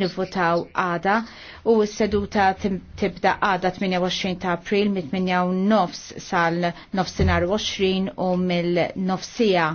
nivvotaw għada u s-seduta tibda għada 28 ta' april mit-8 nofs sal-nofsinar 20 u mill-nofsija.